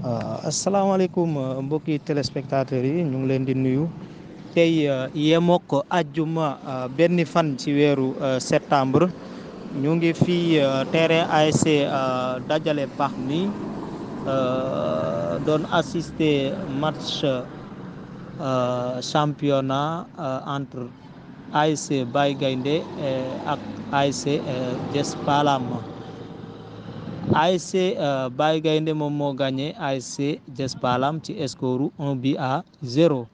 Euh, asalaamaaleykum euh, mbokki téléspectateurs yi ñu ngi leen di nuyu tey euh, yemook ajjuma benn fan ci weeru septembre ñu ngi fii terrain ASC dajale pax mi doon assister match championnat entre ASC Baye Gaynde ak ASC Dias Palam ASC euh, Baye Gaynde moom moo gagné ASC Diass ci score un bi à 0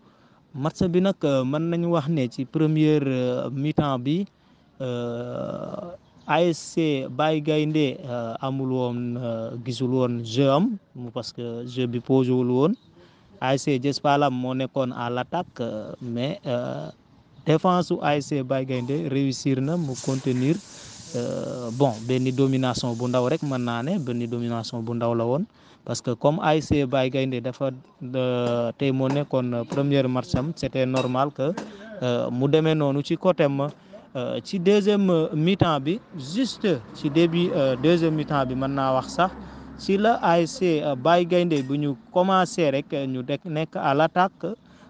match bi nag euh, mën nañu wax ne ci première euh, mi-temps bi ASC Baye Gaynde amul woon gisul woon jeu am parce que jeu bi posé woon ASC Diass Palam moo nekkoon à l'attaque mais défense su ASC Baye Gaynde réussir na mu contenir. Euh, bon benn domination bu ndaw rek mën naa ne benn domination bu ndaw la woon parce que comme ASC Baye Gaynde dafa euh, tey moo nekkoon euh, première match am c'était normal que mu demee noonu ci côté ma ci deuxième mi bi juste ci début deuxième mi bi mën naa wax sax ci la ASC Baye Gaynde bu ñu commencé rek ñu nekk à l'attaque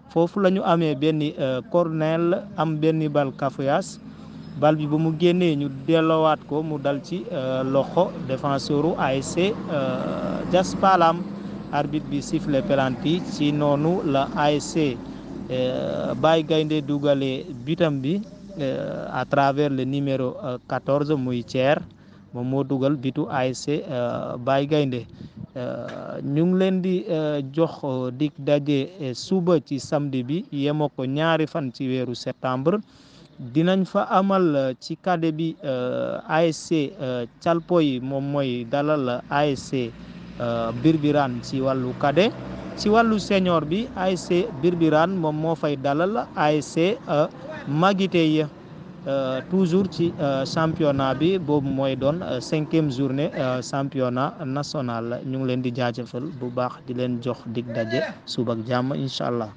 foofu la ñu amee benn cornel am benn bal cafouillage bal bi ba mu génnee ñu delloowaat ko mu dal ci euh, loxo défenseuru ASC euh, Dias Palam arbitre bi sifflé penalty ci noonu la ASC euh, Baye Gaynde dugalee bitam bi à travers le numéro 14 muy Thier moom moo dugal bitu ASC Baye Gaynde ñu ngi leen di jox dig daje suba ci samedi bi yemoo ko ñaari fan ci weeru septembre dinañ fa amal euh, ci cadre bi euh, ASC Thialpoy euh, moom mooy dalal ASC Birbiran ci wàllu cadre ci wàllu senior bi ASC Birbiran moom moo fay dalal ASC Maguitey toujours ci championnat bi boobu mooy doon cinquième journée championnat national ñu ngi leen di jaajëfal bu baax di leen jox dig daje suba ak jàmm incha allah.